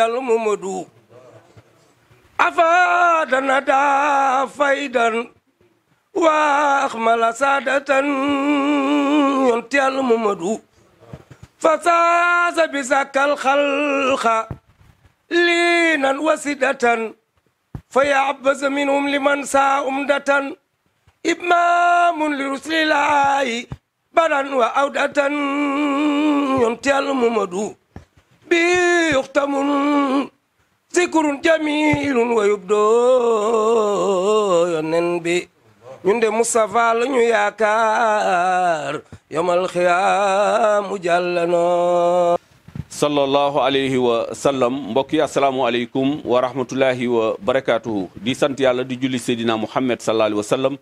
yàlla Mamadu afaadana daa faydan waax mala saadatan yonti yàlla Mamadu fasaasa bi sàkkal xalxa liinan wasidatan fa yaabasa minhum liman umdatan imaamun li rusulilaahi wa awdatan yonti yàlla Mamadu bi yuxtamun zikrun jamilun wa yubdoo yonen bi ñun de Moustapha la ñu yaakaar yomal xiyaamu jàllanoo sallallahu alayhi wa sallam mbokk yi asalaamualeykum wa rahmatullahi wa barakaatuhu di sant yàlla di julli seydina Muhammad sallallahu alayhi wa sallam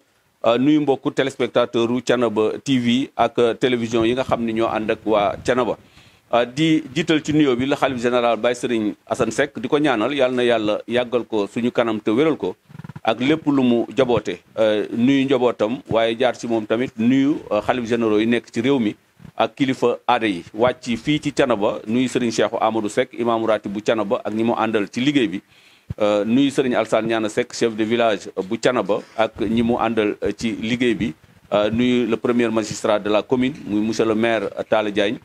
nuyu mbokku téléspectateur u Thiénaba TV ak télévision yi nga xam ni ñoo ànd ak waa Thiénaba Euh, di jiital ci nuyoo bi la xalif général bay Serigne Assane Seck di ko ñaanal yàlla na yàlla yàggal ko suñu kanam te wéral ko ak lépp lu mu jaboote euh, nuyu njabootam waaye jaar ci moom tamit nuyu euh, xalif généro yi nekk ci réew mi ak kilifa aada yi wàcc fii ci Canaba nuyu Serigne Cheikhu Amadou sekk imaamu ratib bu ba ak ñi mu àndal ci liggéey bi nuyu Serigne Alsane Ñaana sekk chef de village bu ba ak ñi mu àndal ci liggéey bi Euh, nuyu le premier magistrat de la commune muy monsieur le maire Talla Diagne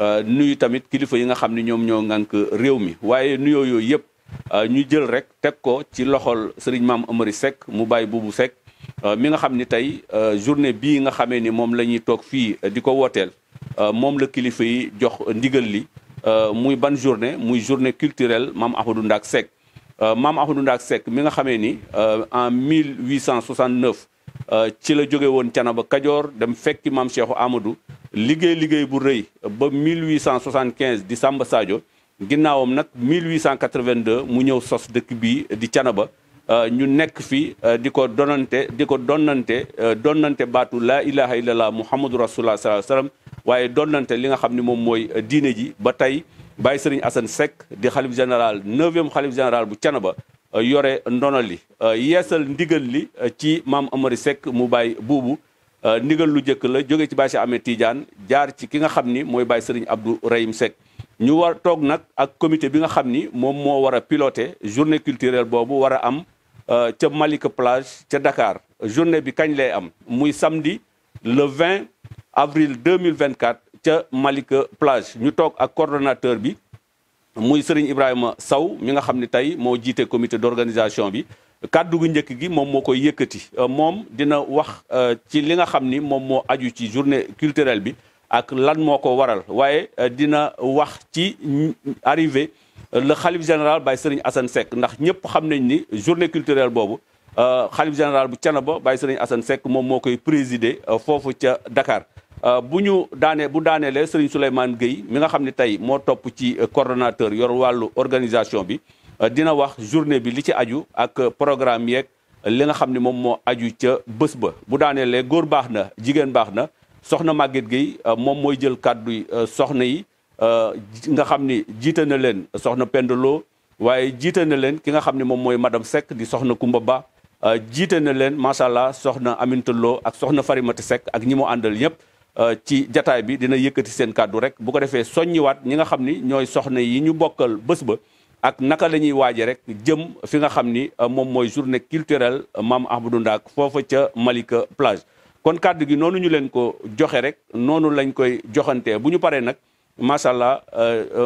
euh, nuyu tamit kilifa yi nga xam ne ñoom ñoo ŋànk réew mi waaye nuyoo yooyu yëpp euh, ñu jël rek teg ko ci loxol sëriñ maam Amary Seck mu bàyyi buubu Seck mi nga xam ni tey journée bii nga xamee ni moom la ñuy toog fii di ko wooteel moom la kilifa yi jox ndigal li muy ban journée muy journée culturelle maam Ahmadou Ndack Seck maam Ahmadou mi nga xamee ni en 1869 Euh, ci la jóge woon Canaba Kajoor dem fekki maam Cheikhu amadu liggéey liggéey bu rëy ba 1875 di Samba Sadio ginnaawam nag 1882 mu ñëw sos dëkk bii di Canaba euh, ñu nekk fi euh, di ko donnante di ko donnante donnante baatu laa ilaha illallah muhammadu rasulullah sallallahu waaye donnante li nga xam ne moom mooy diine ji ba tey bàyyi Serigne Assane Seck di xalif général neuvième xalif général bu Canaba Euh, yore ndono li euh, yeesal ndigal li euh, ci maam Amary Seck mu bàyyi buubu ndigal lu njëkk la jóge ci Baye Cheikh Ahmed Tidiane jaar ci ki nga xam ni mooy Baye Serigne Abdou Rahim ñu war toog nag ak comité bi nga xam ni moom moo war a piloté journée culturelle boobu war a am ca Malika Plage ca Dakar journée bi kañ lay am muy samedi le 20 avril 2024 ca Malika Plage ñu toog ak coordonnateur bi muy Serigne Ibrahima Sow mi nga xam ne tey moo jiite comité d'organisation bi kaddu gu njëkk gi moom moo koy yëkkati euh, moom dina wax euh, ci li nga xam ni moom moo aju ci journée culturelle bi ak lan moo ko waral waaye euh, dina wax ci arrivé la xalif général Baye Serigne Assane Seck ndax ñëpp xam nañ ni journée culturelle boobu xalif général bu Thiénaba Baye Serigne Assane Seck moom moo koy présider foofu ca Dakar Euh, bu ñu daanee bu daaneelee Serigne Souleymane Gueye mi nga xam ne tey moo topp ci euh, coordonnateur yor wàllu organisation bi euh, dina wax journée bi li ci aju ak programme yeeg li nga xam ne moom moo aju ca bés ba bu daaneelee góor baax na jigéen baax na soxna Maguette Gueye moom mooy jël kàddu soxna yi nga xam ni jiite na leen soxna Pendelo waaye jiite na leen ki nga xam ne moom mooy madame sekk di soxna Kumba Ba jiite na leen macha allah soxna Aminta ak soxna Farimata sekk ak ñi mu àndal ñëpp. Euh, ci jataay bi dina yëkkati seen kaddu rek bu ko defee soññiwaat ñi nga xam ni ñooy soxna yi ñu bokkal bés ba ak naka la ñuy waaje rek jëm fi nga xam ni euh, moom mooy journée culturelle euh, maam Ahmadou Ndack foofa ca Malika Plage kon kàddu gi noonu ñu leen ko joxe rek noonu lañ koy joxantee bu ñu paree nag macha allah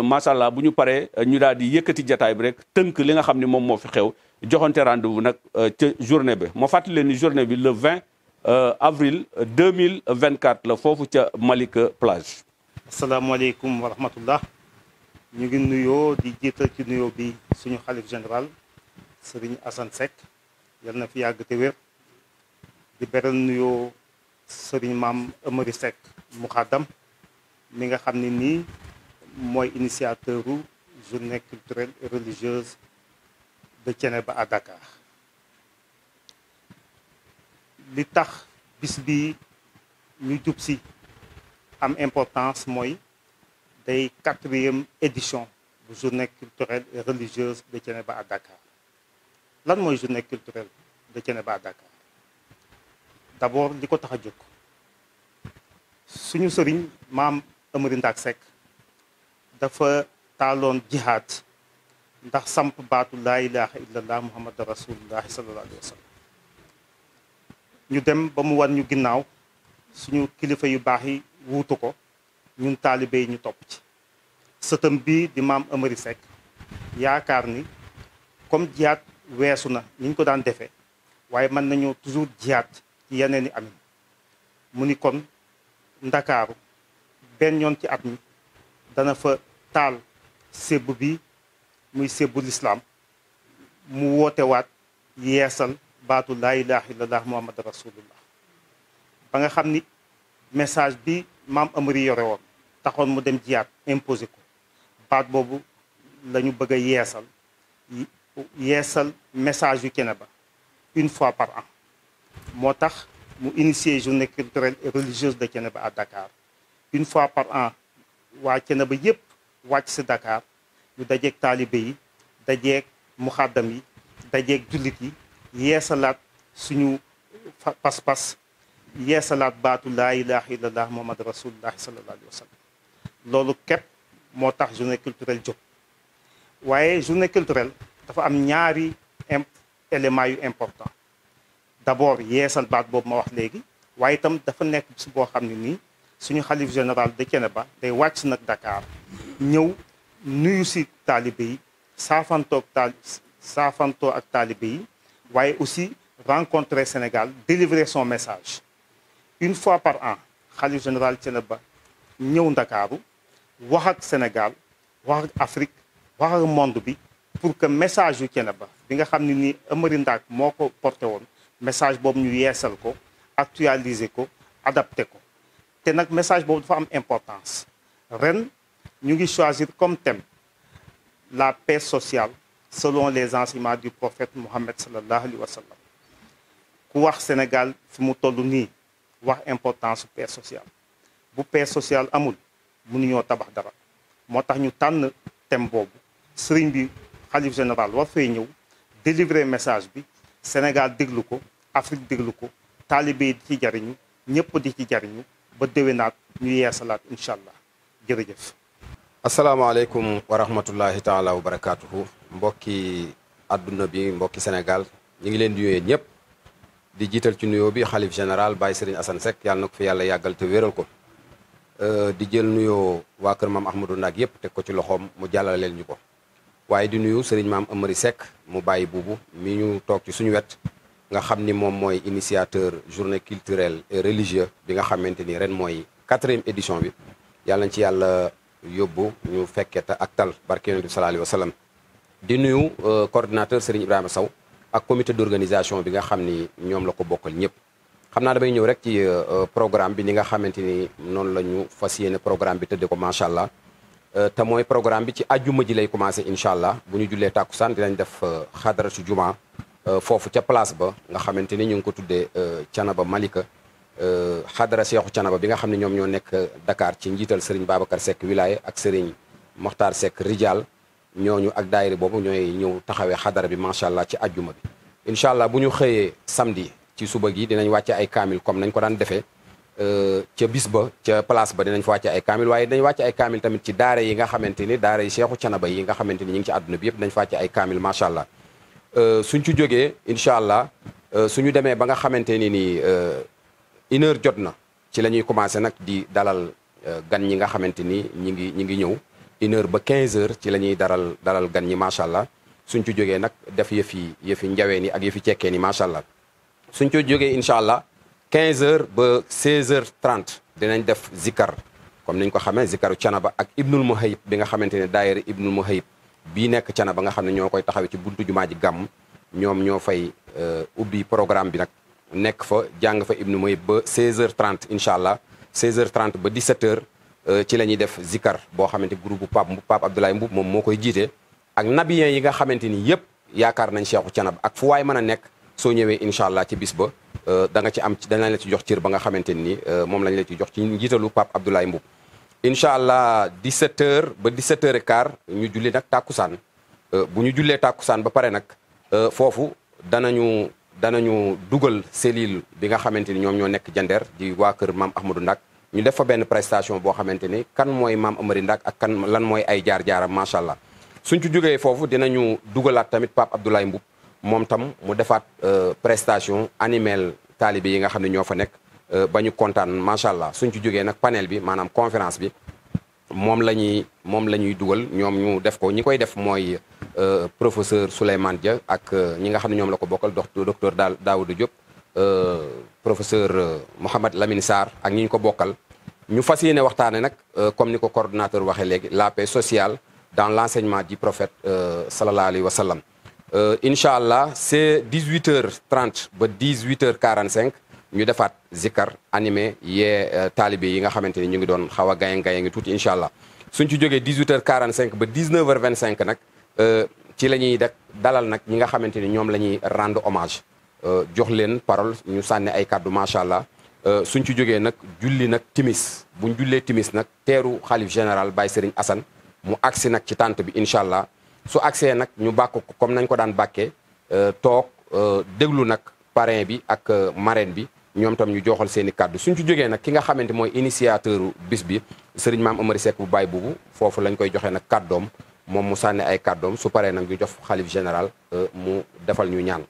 macha allah bu ñu paree ñu daal di yëkkati jataay bi rek tënk li nga xam ni moom moo fi xew joxante rendez-vous nag ca journée bi moo fàttali leen ni journée bi le 20 Euh, avril 2024 la foofu ca Malika plage asalaamaaleykum wa rahmatullah ñu ngi nuyoo di jiital ci nuyoo bi suñu xalif général Serigne Assane Seck yal na fi yàgg te wér di beral nuyoo Serigne maam Amary Seck muxaddam mi nga xam ne nii mooy initiateur u journée culturelle et religieuse de Thiénaba à Dakar li tax bis bi ñu jub si am importance mooy day quatrième édition bu journée culturelle et religieuse de Thiénaba à Dakar lan mooy journée culturelle de Thiénaba à Dakar d'abord li ko tax a jóg suñu sëriñ maam Amary Ndak dafa taaloon jihaad ndax samp baatu laa ilaha illallah muhammad rasulullahi sallallahu alayhi wa sallam ñu dem ba mu wan ñu ginnaaw suñu kilifa yu baax yi wuutu ko ñun taalibe yi ñu topp ci sëtëm bii di maam Amary Seck yaakaar ni comme jiyaat weesu na ni ñu ko daan defee waaye mën nañoo toujours jiyaat ci yeneen i amin mu ni kon ndakaaru benn yoon ci at mi dana fa taal sébb bi muy sébbu lislaam mu wootewaat yeesal baatu laa ilaha illallah muhammad rasulullah ba nga xam ni message bi maam amari yore woon taxoon mu dem jiyaat imposé ko baat boobu la ñu bëgg a yeesal yeesal message yu kene ba une fois par an moo tax mu initier journée culturelle et religieuse de ba a Dakar une fois par an waa ba yëpp wàcc si Dakar ñu dajeeg taalibe yi dajeeg muxaddam yi dajeeg jullit yi yeesalaat suñu pas-pas yeesalaat baatu laa ilaha illallah muhammad rasulullah sallallahu alayhi wa sallam loolu képp moo tax journée culturelle jóg waaye journée culturelle dafa am ñaari imp yu important d'abord yeesal baat boobu ma wax léegi waaye itam dafa nekk bis boo xam ne nii suñu xalif général de ba day wàcc nag dakaar ñëw nuyu si taalibe yi saafantoo ak taal yi waaye aussi rencontrer Sénégal délivrer son message une fois par an xalif général Thiénaba ñëw Ndakaaru wax ak Sénégal wax ak Afrique wax ak monde bi pour que message yu Thiénaba bi nga xam ne nii Amary Ndack moo ko porté woon message boobu ñu yeesal ko actualiser ko adapté ko te nag message boobu dafa am importance ren ñu ngi choisir comme thème la paix sociale selon les enseignements du prophète Mohammed sallallahu alayhi wa sallam ku wax Sénégal fi mu toll nii wax importance paix sociale bu paix sociale amul nu mënuñoo tabax dara moo tax ñu tànn thème boobu sëriñ bi xalif général war fay ñëw délivrer message bi Sénégal déglu ko Afrique déglu ko taalibe yi di ci jariñu ñëpp di ci jariñu ba déwénaat ñu yeesalaat incha allah jërëjëf. asalaamaaleykum wa rahmatullahi taala wa barakaatuhu. mbokki àdduna bi mbokki Sénégal ñu ngi leen di nuyee ñëpp di jiital ci nuyoo bi xalif général Baye Serigne Assane Seck yàlla na ko fi yàlla yàggal te wéral ko euh, di jël nuyoo waa kër maam Ahmadou Ndak yëpp teg ko ci loxoom mu jàllaleel ñu ko waaye di nuyu Serigne maam Amary Seck mu bàyyi buubu mi ñu toog ci suñu wet nga xam ni moom mooy initiateur journée culturel et religieuse bi nga xamante ni ren mooy quatrième édition bi yàlla nañ ci yàlla yóbbu ñu fekkee ak tal barke yonent bi di nuyu euh, coordinateur Serigne Ibrahima saw ak comité d'organisation bi nga xam ni ñoom la ko bokkal ñëpp xam naa damay ñëw rek ci euh, euh, programme bi ni nga xamante ni noonu la ñu fas yéene programme bi tëdde ko macha allah te mooy programme bi ci ajjuma ji lay commencé incha allah bu ñu jullee sant dinañ def xadaratu juma foofu ca place ba nga xamante ni ñu ngi ko tuddee Canaba Malika xadara seexu Canaba bi nga xam ne ñoom ñoo nekk Dakar ci njiital Serigne Babacar Seck wilaaye ak Serigne Mokhtar Seck Rijal ñooñu ak daayira boobu ñooy ñëw taxawee xadara bi macha allah ci ajjuma bi incha allah bu ñu xëyee samedi ci suba gi dinañ wàcce ay kaamil comme nañ ko daan defee euh, ca bis ba ca place ba dinañ fa wàcce ay kaamil waaye dinañ wàcce ay kaamil tamit ci daare yi nga xamante ni daare yi Seexu Canaba yi nga xamante ni ñu ngi ci àdduna bi yëpp dinañ fa wàcce ay kaamil macha allah euh, suñ cu jógee incha allah euh, suñu demee ba nga xamante ni ni une heure jot na ci la ñuy commencé nag di dalal gan ñi nga xamante ni ñi ngi ñi ngi ñëw une ba quinze heures ci la ñuy daral daral gan ñi macha allah suñ ci jógee nag def yëfi yëfi njaween yi ak yëfi cekkeen yi macha allah suñ ci jógee incha allah quinze heures ba seize heures trente dinañ def zikkar comme niñ ko xamee zikkaru canaba ak ibnul muhayib bi nga xamante ne daayira ibnul muhayib bii nekk canaba nga xam ne ñoo koy taxawee ci buntu jumaa ji gàmm ñoom ñoo fay euh, ubbi programme bi nag nekk fa jàng fa ibnu muhayib ba 16h30 incha allah 16h30 ba 17h Euh, ci la ñuy def zikar boo xamante groupe pap Pape Abdoulaye Mboup moom moo koy jiite ak nabiyen yi nga xamante ni yëpp yaakaar nañ Cheikhou Thiénaba ak fu waay mën a nekk soo ñëwee incha allah ci bis ba euh, da ci am danañ la ci jox cër ba nga xamante ni euh, moom lañ la ci jox ci njiitalu pap Abdoulaye Mboup incha allah 17h ba 17h15 ñu julli nag tàkkusaan bu ñu jullee tàkkusaan ba pare nag foofu danañu danañu dugal selil bi nga xamante ni ñoom ñoo nekk jandeer di waa kër maam Ahmadou Ndak ñu def fa benn prestation boo xamante ni kan mooy maam Amary Ndak ak kan lan mooy ay jaar-jaaram macha allah suñ cu jógee foofu dinañu dugalaat tamit Pape Abdoulaye Mboup moom tam mu defaat euh, prestation animel taalibe yi nga xam ne ñoo fa nekk euh, ba ñu kontaan macha allah suñ cu jógee nag panel bi maanaam conférence bi moom la ñuy moom la ñuy dugal ñoom ñu def ko ñi koy def mooy euh, professeur Souleymane Dia ak ñi nga xam ne ñoom la ko bokkal docteur Daouda Diop professeur euh, Mouhamed Lamine Sarr ak ñi ñu ko bokkal ñu fas yéene waxtaane nag euh, comme ni ko coordonnateur waxee léegi la paix social dans l' enseignement du prophète euh, sallallahu alayhi wa sallam incha allah c' est 18 heures 30 ba 18 heures cinq ñu defaat zikkar animé yee taalibe yi nga xamante ni ñu ngi doon xaw a gaye gaye ngi tuuti incha allah suñ ci jógee 18 heures 45 ba 19 heures 25 nag ci la ñuy dalal nag ñi nga xamante ni ñoom la ñuy rendre hommage Euh, jox leen parole ñu sànni ay kàddu macha allah euh, suñ ci jógee nag julli nag timis buñ jullee timis nag teeru xalif général Baye Serigne Assane mu agsi nag ci tànt bi incha allah su agsee nag ñu bàkk ko comme nañ ko daan bàkkee euh, toog déglu nag parrain bi ak marraine bi ñoom tam ñu joxal seen kàddu suñ ci jógee nag ki nga xamante mooy initiateur bis bi sëriñ maam Amari Seck bu Baye Boubou foofu lañ koy joxee nag kàddoom moom mu sànni ay kàddoom su paree nag ñu jox xalif général mu defal ñu ñaan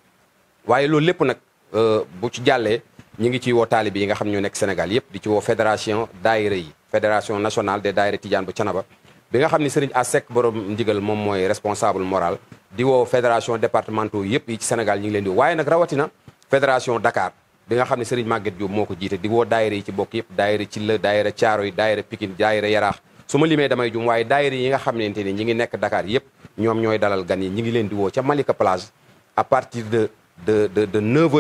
waaye loolu lépp nag euh, bu ci jàllee ñu ngi ci woo taalibe yi nga xam ñu nekk Sénégal yëpp di ci woo fédération daayira yi fédération nationale des daayira Tidiane bu Canaba bi nga xam ne Serigne Assec borom ndigal moom mooy responsable moral di woo fédération départementaux yëpp yi ci Sénégal ñu ngi leen di waaye nag rawatina fédération Dakar bi nga xam ne Serigne Maguette Diop moo ko jiite di woo daayira yi ci bokk yëpp daayira ci la daayira Thiaroye daayira Pikine daayira Yaraax su ma limee damay jum waaye daayira yi nga xamante ni ñi ngi nekk Dakar yëpp ñoom ñooy dalal gan yi ñi ngi leen di woo ca Malika Plage à de de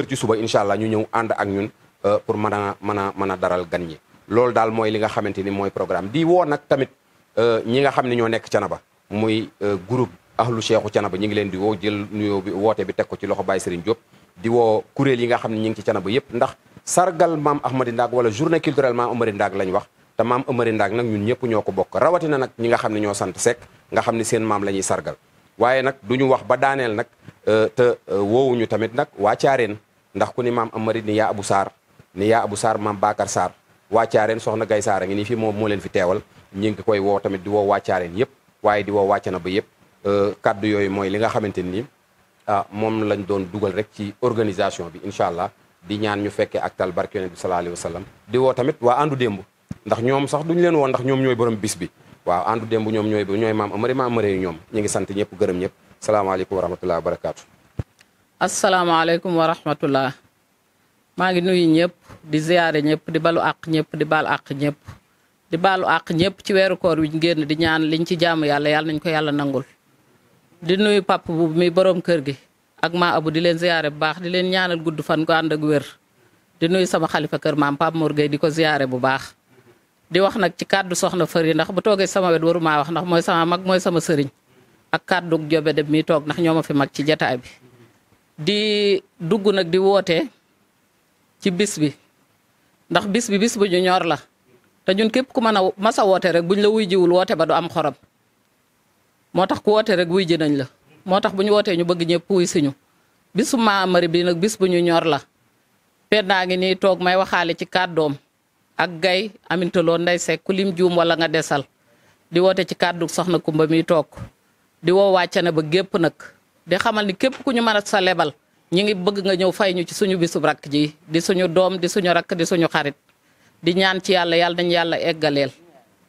ci suba incha allah ñu ñëw ànd ak ñun euh, pour mën a mën a mën a daral gan ñi. loolu daal mooy li nga xamante ni mooy programme di woo nag tamit euh, ñi nga xam ne ñoo nekk Canaba muy euh, groupe ahlu cheikhu Canaba ñu ngi leen di woo jël nuyoo bi woote bi teg ko ci loxo Baye Serigne Diop. di woo kuréel yi nga xam ne ñu ngi ci Canaba yëpp ndax sargal maam Ahmadi Ndaag wala journée culturelle maam Amari Ndaag lañ wax. te maam Amari Ndaag nag ñun ñëpp ñoo ko bokk rawatina nag ñi nga xam ne ñoo sant Seck nga xam ne seen maam la ñuy sargal. waaye nag du ñu wax ba daaneel nag euh, te euh, woowuñu tamit nag waa caareen ndax ku ni maam mari ni yaa abu saar ni yaa abu saar maam baakar saar waa caareen soxna gay saar ngi ni fi moom moo leen fi teewal ñu ngi koy woo tamit di woo waa caareen yëpp waaye di woo wàcca na ba yëpp euh, kàddu yooyu mooy li nga xamante ni ah moom lañ doon dugal rek ci organisation bi incha allah di ñaan ñu fekkee ak tal barke yonent bi sallallahu alayhi wa sallam di woo tamit waa àndu démb ndax ñoom sax duñu leen woo ndax borom bis bi waaw àndu bu ñoom ñooy ñooy maam amari maam amari ñoom ñu ngi sant ñëpp gërëm ñëpp salaamaaleykum wa rahmatulah wa barakaatu. asalaamaaleykum wa rahmatulah. maa ngi nuyu ñëpp di ziyaare ñëpp di balu àq ñëpp di baal àq ñëpp. di baalu àq ñëpp ci weeru koor wi ñu génn di ñaan liñ ci jàmm yàlla yàlla nañ ko yàlla nangul. di nuyu papa bu mi borom kër gi ak maa abu di leen ziyaare bu baax di leen ñaanal gudd fan ko ànd ak wér. di nuyu sama xalifa kër maam Pape Mor di ko ziyaare bu baax. di wax nag ci kàddu soxna fëri ndax bu toogee sama wet warumaa wax ndax mooy sama mag mooy sama sëriñ ak kàddu jobe dem mi toog ndax ñoo fi mag ci jataay bi di dugg nag di wootee ci bis bi ndax bis bi bis bu ñu ñor la te ñun képp ku mën a mas woote rek buñ la wuy jiwul ba du am xorom moo tax ku woote rek wuy ji nañ la moo tax bu ñu wootee ñu bëgg ñëpp wuy siñu bisu maamari bi nag bis bu ñu ñor la pennaa ngi nii toog may waxaale ci kàddoom ak gay amintaloo nday sek ku lim juum wala nga desal di woote ci kàddu soxna kumba mi toog di woo wàcce na ba gépp nag di xamal ni képp ku ñu mën a sa lebal ñi ngi bëgg nga ñëw fay ñu ci suñu bisub rakk ji di suñu doom di suñu rakk di suñu xarit di ñaan ci yàlla yàlla nañu yàlla eggaleel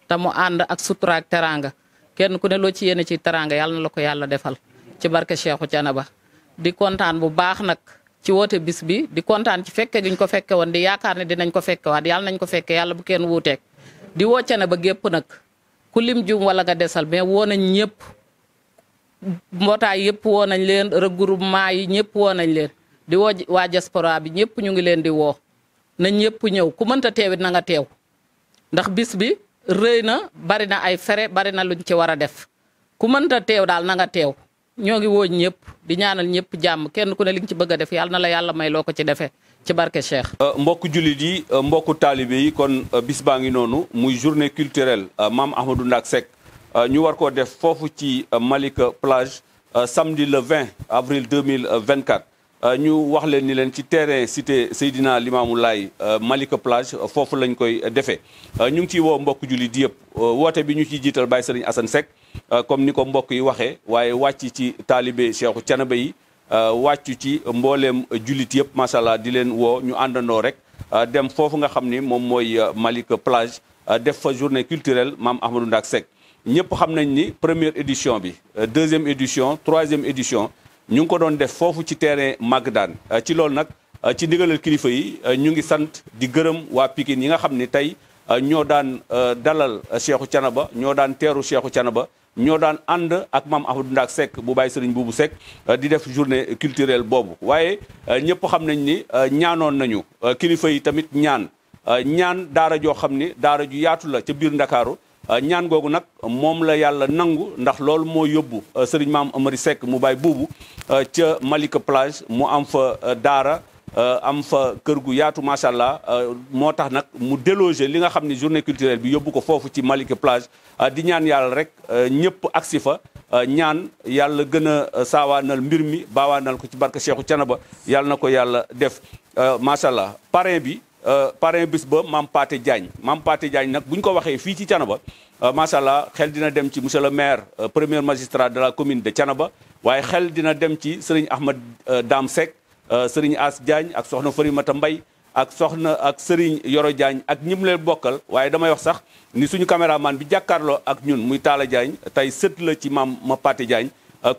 te mu ànd ak sutura ak teraanga kenn ku ne loo ci yéene ci teraanga yàlla na la ko yàlla defal ci barke Cheikhou ba di kontaan bu baax nag ci woote bis bi di kontaan ci fekke gi ñu ko fekke woon di yaakaar ne dinañ ko fekke waat yàlla nañ ko fekke yàlla bu kenn wuuteeg di wocce na ba gépp nag ku lim jum wala nga desal mais woo nañ ñëpp mbootaay yëpp woo nañ leen regroupement yi ñëpp woo nañ leen di woo waa diaspora bi ñëpp ñu ngi leen di woo na ñëpp ñëw ku mënta teewit na nga teew ndax bis bi rëy na bari na ay fere bari na luñ ci war a def ku mënta teew daal na nga teew ñoo ngi woo ñëpp di ñaanal ñëpp jàmm kenn ku ne li nga ci bëgg a def yàlla na la yàlla may loo ko ci defee ci barke Cheikh. Euh, mbokku jullit yi euh, mbokku taalibe yi kon euh, bis baa ngi noonu muy journée culturel maam Ahmadou Ndack Seck ñu war koo def foofu ci Malika Plage samedi le 20 avril 2024. Euh, ñu wax leen ni leen ci terrain cité Seydina Limamou Laye euh, Malika Plage euh, foofu lañ koy defee ñu ngi ciy woo mbokk julli di yëpp woote bi ñu ciy jiital Baye Serigne Assane Seck comme ni ko mbokk yi waxee waaye wàcc ci taalibe Cheikhu Canaba yi wàccu ci mbooleem jullit yëpp macha allah di leen woo ñu àndandoo rek dem foofu nga xam ni moom mooy Malika Plage def fa journée culturelle maam Ahmadou Ndak Seck ñëpp xam nañ ni premier édition bi deuxième édition troisième édition ñu ngi ko doon def foofu ci terrain Maguedane euh, ci loolu nag euh, ci ndigalal kilifa yi euh, ñu ngi sant di gërëm waa pikin yi nga xam ni tey ñoo daan dalal Cheikhou Thiénaba ñoo daan teeru Cheikhou Thiénaba ñoo daan ànd ak maam Ahmadou Ndak Seck bu bàyyi sëriñ buubu Seck di def journée culturel boobu waaye ñëpp xam nañ ni ñaanoon nañu kilifa yi tamit ñaan ñaan daara joo xam ni daara ju yaatu la ca biir Ndakaaru Euh, ñaan googu nag moom la yàlla nangu ndax loolu moo yóbbu euh, sëriñ maam Amari Seck mu bàyyi buubu euh, ca Malika plage mu am fa daara am fa kër gu yaatu macha allah moo tax nag mu déloger li nga xam ne journée culturelle bi yóbbu ko foofu ci Malika plage di ñaan yàlla rek ñëpp agsi fa ñaan yàlla gën a saawaanal mbir mi baawaanal ko ci barke Cheikhou Thiénaba yàlla na ko yàlla def macha allah bi. Euh, parrain bis ba Mame Pathé Diagne Mame Pathé Diagne nag bu ñu ko waxee fii ci Thiénaba euh, macha allah xel dina dem ci monsieur le maire euh, premier magistrat de la commune de Thiénaba waaye xel dina dem ci sëriñ Ahmad Dame Seck sëriñ As Diagne ak soxna Farimata mbay ak soxna ak sëriñ Yoro Diagne ak ñim leen bokkal waaye damay wax sax ni suñu caméraman bi jàkkaarloo ak ñun muy Talla Diagne tey sët la ci maam ma Pathé Diagne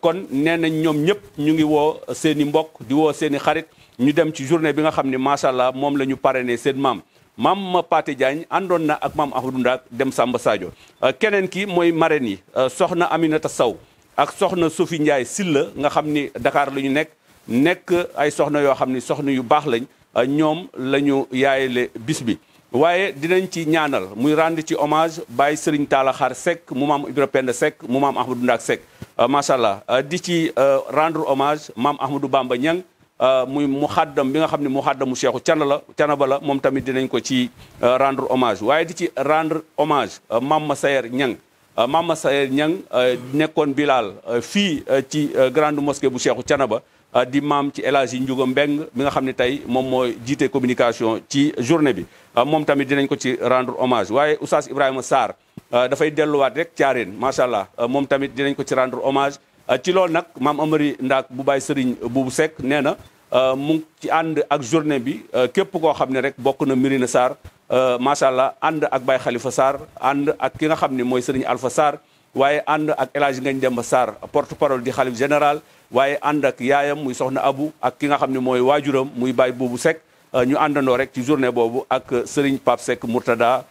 kon nee nañ ñoom ñëpp ñu ngi woo seen i mbokk di woo seen i xarit ñu dem ci journée bi nga xam ne macha allah moom la ñu parrainé seen maam maam ma Paté Diagne àndoon na ak maam Ahmadou dem Samba Sadio euh, keneen ki mooy marraine yi euh, soxna ta Sow ak soxna Sophie Ndiaye Silla nga xam ni Dakar la ñu nekk nekk ay soxna yoo xam ni soxna yu baax lañ euh, ñoom la ñu yaayale bis bi waaye dinañ ci ñaanal muy rendre ci hommage Baye Serigne Talla Xaar Seck mu maam Ibra Penda Seck mu maam Ahmadou Ndak Seck macha allah di ci rendre hommage maam Ahmadou Bamba Euh, muy mu xaddam mi nga xam ne mu xaddamu Seexu Cana la Cana ba la moom tamit dinañ ko ci euh, rendre hommage waaye di ci rendre hommage euh, maam Sayer Ñang Mama Sayer Ñang nekkoon bilaal fii ci grande mosquée bu Seexu Cana ba di maam ci élagie Hadji Ndiouga Mbeng mi nga xam ne tey moom mooy jiite communication ci journée bi moom tamit dinañ ko ci rendre hommage waaye Oustaz Ibrahima saar dafay delluwaat rek caareen macha allah moom tamit dinañ ko ci rendre hommage Euh, ci loolu nag maam Amary Ndaak bu Baye Serigne Boubou sekk nee na euh, mu ci ànd ak journée bi euh, képp koo xam ne rek bokk na Mirina Sarr macha allah ànd ak Baye xalifa Sarr ànd ak ki nga xam ne mooy Serigne Alpha Sarr waaye ànd ak El Hadj Ngagne Demba Sarr porte parole di xalif général waaye ànd ak yaayam muy soxna Abu ak ki nga xam ne mooy waajuram muy Baye Boubou Seck ñu àndandoo rek ci journée boobu ak Serigne Pape Seck Mourtada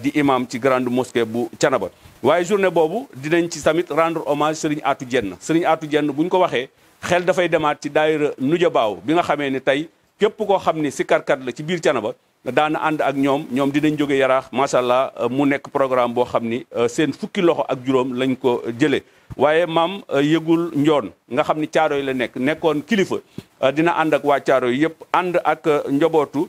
di imam ci grande mosquée bu Canaba. waaye journée boobu dinañ ci tamit rendre hommage Serigne atu jenn Serigne Atou Dieng bu ñu ko waxee xel dafay demaat ci daayira nuja baaw bi nga xamee ni tey képp koo xam ni sikarkat la ci biir Thiénaba daana ànd ak ñoom ñoom dinañ jóge yaraax macha allah euh, mu nekk programme boo xam ni euh, seen fukki loxo ak juróom lañ ko jëlee waaye maam euh, yëgul njoon nga xam ni caaro yi la nekk nekkoon kilifa dina ànd ak waa caaro yi yëpp ànd ak njobootu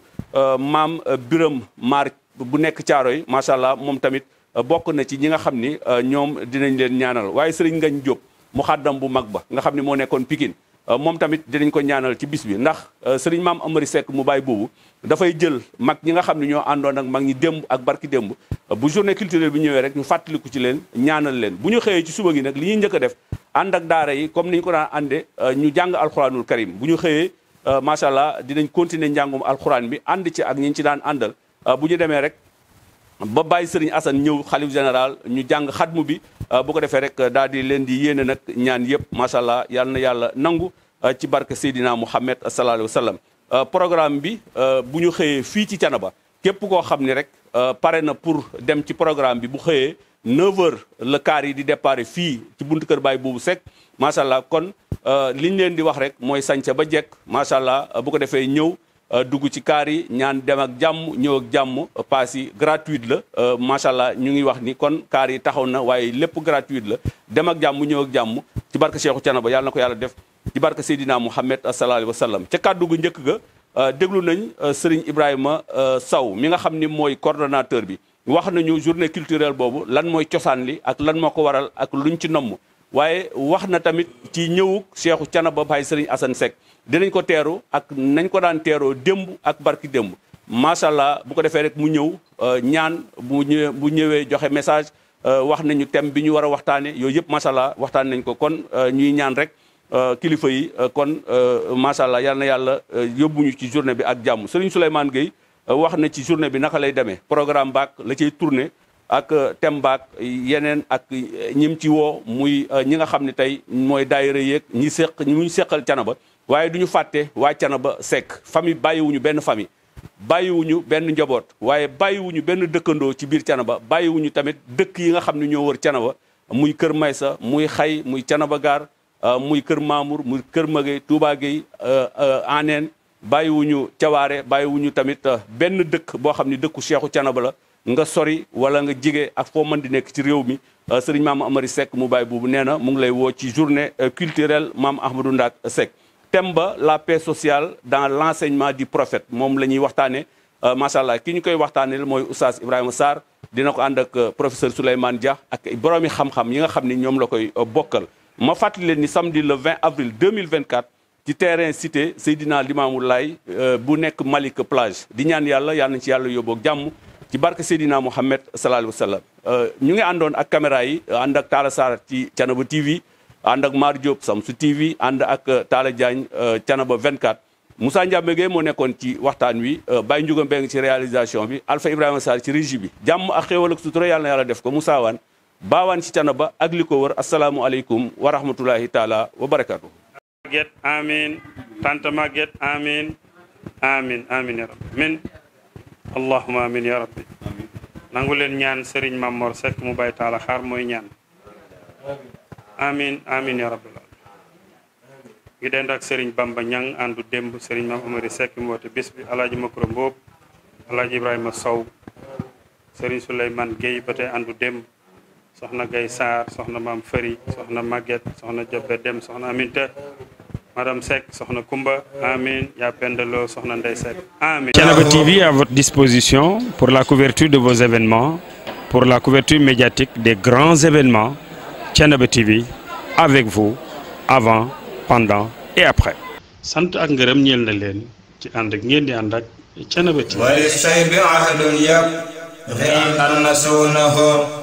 maam biram maar bu nekk caaro yi macha allah moom tamit bokk na ci ñi nga xam ni euh, ñoom dinañ leen ñaanal waaye sëriñ Ngagne Diop mu xaddam bu mag ba nga xam ni moo nekkoon Pikine euh, moom tamit dinañ ko ñaanal ci bis bi ndax euh, sëriñ maam Amary Seck mu bàyyi boobu dafay jël mag ñi nga xam ne ñoo àndoon ak mag ñi démb ak barki démb bu journée culturelle bi ñëwee rek ñu fàttaliku ci leen ñaanal leen bu ñu xëyee ci suba gi nag li ñuy njëkk def ànd ak daara yi comme ni ñu ko daan àndee ñu jàng alxuraanul karim bu ñu xëyee macha allah dinañ continuer njàngum alxuraan bi ànd ci ak ñi ci daan àndal bu ñu demee rek ba bàyyi sëriñ Assane ñëw xalif général ñu jàng xatmu bi euh, bu ko defee rek euh, daal di leen di yéene nag ñaan yëpp macha allah yal na yàlla nangu euh, ci barke Seydina Mouhamed sallallahu alayhi wa sallam programme bi bu ñu xëyee fii ci Thiénaba képp koo xam ni rek pare na pour dem ci programme bi bu xëyee 9h le car yi di départ fii ci buntu kër baay boobu sec macha allah kon li ñu leen di wax rek mooy sañca ba jekk macha allah bu ko defee ñëw. Euh, dugg ci kaar ñaan dem ak jàmm ñëw ak jàmm paas yi gratuite la euh, macha allah ñu ngi wax ni kon kaar yi taxaw na waaye lépp gratuite la dem ak jàmm ñëw ak jàmm ci barke Cheikhou ba yàlla na ko yàlla def ci barke Seydina Mouhamed sallallahu alayhi wa sallam ca kàddu gu njëkk ga euh, déglu nañ Serigne Ibrahima saw mi nga xam ni mooy coordonnateur bi wax nañu journée culturelle boobu lan mooy cosaan li ak lan moo ko waral ak luñ ci nomm waaye wax na tamit ci ñëwuk Cheikhu Canaba Baay Sëriñ Assane Seck dinañ ko teeru ak nañ ko daan teeroo dëmb ak barki dëmb macha allah bu ko defee rek mu ñëw euh, ñaan bu ñëwee bu ñëwee joxe message euh, wax nañu thème bi ñu war a waxtaane yooyu yëpp macha allah waxtaan nañ ko kon euh, ñuy ñaan rek kilifa yi kon macha allah yal na yàlla yóbbuñu ci journée bi ak jàmm Sëriñ Souleymane Gueye wax na ci journée bi naka lay demee programme baak la ciy tourné ak euh, tembaak yeneen ak euh, ñim ci woo muy euh, ñi nga xam ne tey mooy daayira yeeg ñi seq ñi muy seqal canaba waaye du ñu fàtte waa canaba sekk famille bàyyiwuñu benn famille ñu benn njaboot waaye bàyyiwuñu benn dëkkandoo ci biir canaba bàyyiwuñu tamit dëkk yi nga xam ne ñoo wër canaba muy kër Maysa muy xay muy canaba gaar muy kër Mamour muy kër Magey Touba Gueye Aneen bàyyiwuñu cawaare bàyyiwuñu tamit benn dëkk boo xam ne dëkku Seexu canaba la nga sori wala nga jige ak foo man di nekk ci réew mi euh, sëriñ maam Amary Seck mu baay boobu nee na mu ngi lay woo ci journée euh, culturelle maam Ahmadou Ndack Seck thème ba la paix sociale dans l' enseignement du prophète moom la ñuy waxtaanee euh, macha allah ki ñu koy waxtaaneel mooy oustaz Ibrahima Sarr dina ko ànd ak professeur Souleymane Dia ak boroomi xam-xam yi nga xam ni ñoom la koy bokkal. ma fàttali leen ni samedi le 20 avril 2024 ci terrain cité Seydina Limamou Laye bu nekk Malick Plage di ñaan yàlla yal nañ ci yàlla yóbboog jàmm. ci barke sedina Mouhamed sallallahu alayhi euh, ñu ngi àndoon ak caméra yi ànd ak Talla Sarr ci Thiénaba TV ànd ak Mar Diop Samsu TV ànd ak euh, Talla Diagne euh, Thiénaba 24. Moussa Ndiambe Gueye moo nekkoon ci waxtaan wi Baye Ndiouga Mbengue ci réalisation bi Alpha Ibrahima Sarr ci régie bi jàmm ak xéewal ak sutura yàlla def ko Moussa Wane baawaan ci Thiénaba ak li ko wër asalaamualeykum wa rahmatulahi taala wa barakaatu. Maguette amiin tante Maguette amiin amiin amiin ya allahuma amin ya rabbi nangu leen ñaan Serigne Mamor Seck mu bàyyi taala xaar mooy ñaan amin amin ya rabbi ngi dend ak Serigne Bamba Ñang àndu démb sëriñ Mame Amary Seck mu woote bis bi alaaji Makura Mboob alaaji Ibrahima Sow Serigne Souleymane Guèye ba tey àndu démb soxna Gaye soxna Maam Fëri soxna Maguette soxna Jobe Dem soxna Aminta Madame Seck, Sohna Kumba, Amin, Yapendelo, Sohna Ndey Seck, Amin. Thiénaba TV à votre disposition pour la couverture de vos événements, pour la couverture médiatique des grands événements. Thiénaba TV avec vous avant, pendant et après. sant ak ngërëm ñeel na leen ci ànd ak ngeen di ànd ak Thiénaba TV. wali say bi ahadun yab. xëy na